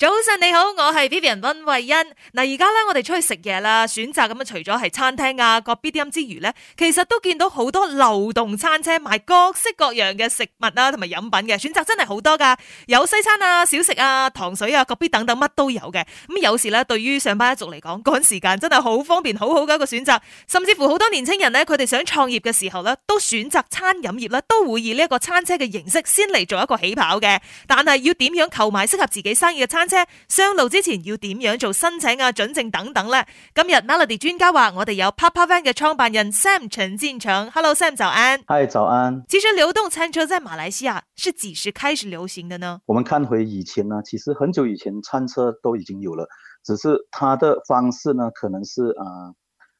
早晨你好，我係 Vivian 溫慧欣。嗱，而家咧我哋出去食嘢啦，選擇咁啊，除咗係餐廳啊各 B D 之餘呢，其實都見到好多流動餐車賣各式各樣嘅食物啊，同埋飲品嘅選擇真係好多噶，有西餐啊、小食啊、糖水啊、各 B 等等乜都有嘅。咁有時呢，對於上班一族嚟講，趕時間真係好方便、好好嘅一個選擇。甚至乎好多年輕人呢，佢哋想創業嘅時候呢，都選擇餐飲業咧，都會以呢一個餐車嘅形式先嚟做一個起跑嘅。但係要點樣購買適合自己生意嘅餐車上路之前要點樣做申請啊、準證等等咧。今日 Melody 專家話，我哋有 Papavan 嘅創辦人 Sam 陳進成，Hello Sam，早安。Hi，早安。其實流動餐車在馬來西亞是幾時開始流行的呢？我們看回以前啦、啊，其實很久以前餐車都已經有了，只是它的方式呢，可能是啊、呃、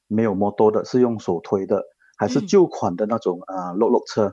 沒有摩多的，是用手推的，還是舊款的那種啊碌碌車。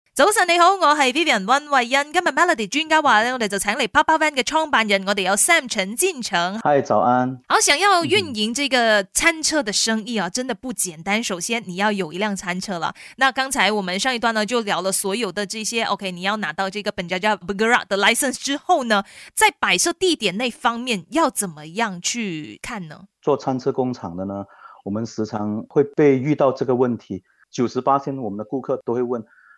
早晨你好，我是 Vivian 溫慧欣。今日 Melody 專家話咧，我哋就請嚟 Papavan 嘅創辦人，我哋有 Sam 陳進成。Hi，早安。好想要運營這個餐車的生意啊，真的不簡單。首先你要有一輛餐車了。那剛才我們上一段呢就聊了所有的這些。OK，你要拿到這個 Penjaja Bergerak 的 license 之後呢，在擺設地點那方面要怎麼樣去看呢？做餐車工廠的呢，我們時常會被遇到這個問題。九十八巴仙，我們的顧客都會問。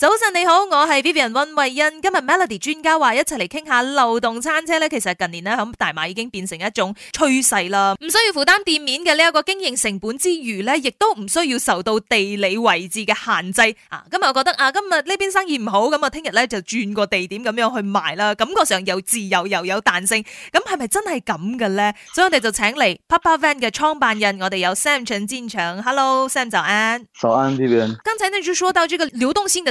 早晨你好，我係 Vivian 溫慧欣。今日 Melody 專家話一齊嚟傾下流動餐車咧。其實近年咧響大馬已經變成一種趨勢啦。唔需要負擔店面嘅呢一個經營成本之餘咧，亦都唔需要受到地理位置嘅限制啊。今日我覺得啊，今日呢邊生意唔好咁啊，聽日咧就轉個地點咁樣去賣啦。感覺上又自由又有彈性。咁係咪真係咁嘅咧？所以我哋就請嚟 Papavan 嘅創辦人，我哋有 Sam 陳進成。Hello Sam，早安。早安，Vivian。剛才呢就說到這個流動性的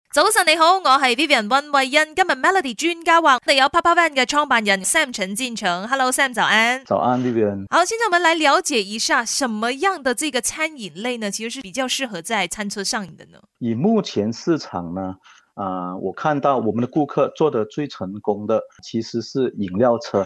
早晨你好，我是 Vivian 温慧恩。今日 Melody 專家話，我哋有 Papa Van 嘅創辦人 Sam 陳進成。Hello Sam 早安，早安 Vivian。Viv 好，現在我們來了解一下，什麼樣的這個餐飲類呢？其實是比較適合在餐車上的呢？以目前市場呢，啊、呃，我看到我們的顧客做得最成功的，其實是飲料車。